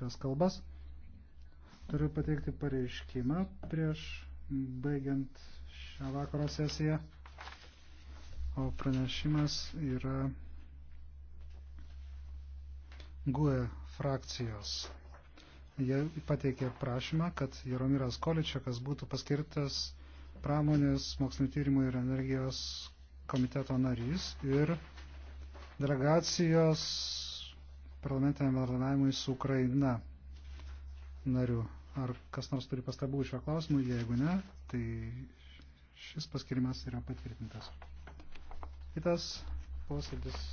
tas kalbas. Turiu pateikti pareiškimą prieš baigiant šią vakaro sesiją. O pranešimas yra GUE frakcijos. Jie pateikė prašymą, kad Jaromiras Količiakas būtų paskirtas pramonės, mokslinio tyrimų ir energijos komiteto narys ir delegacijos parlamentiniam bendradarbiavimui su Ukraina nariu. Ar kas nors turi pastabų šiuo klausimu? Jeigu ne, tai šis paskirimas yra patvirtintas. Kitas posėdis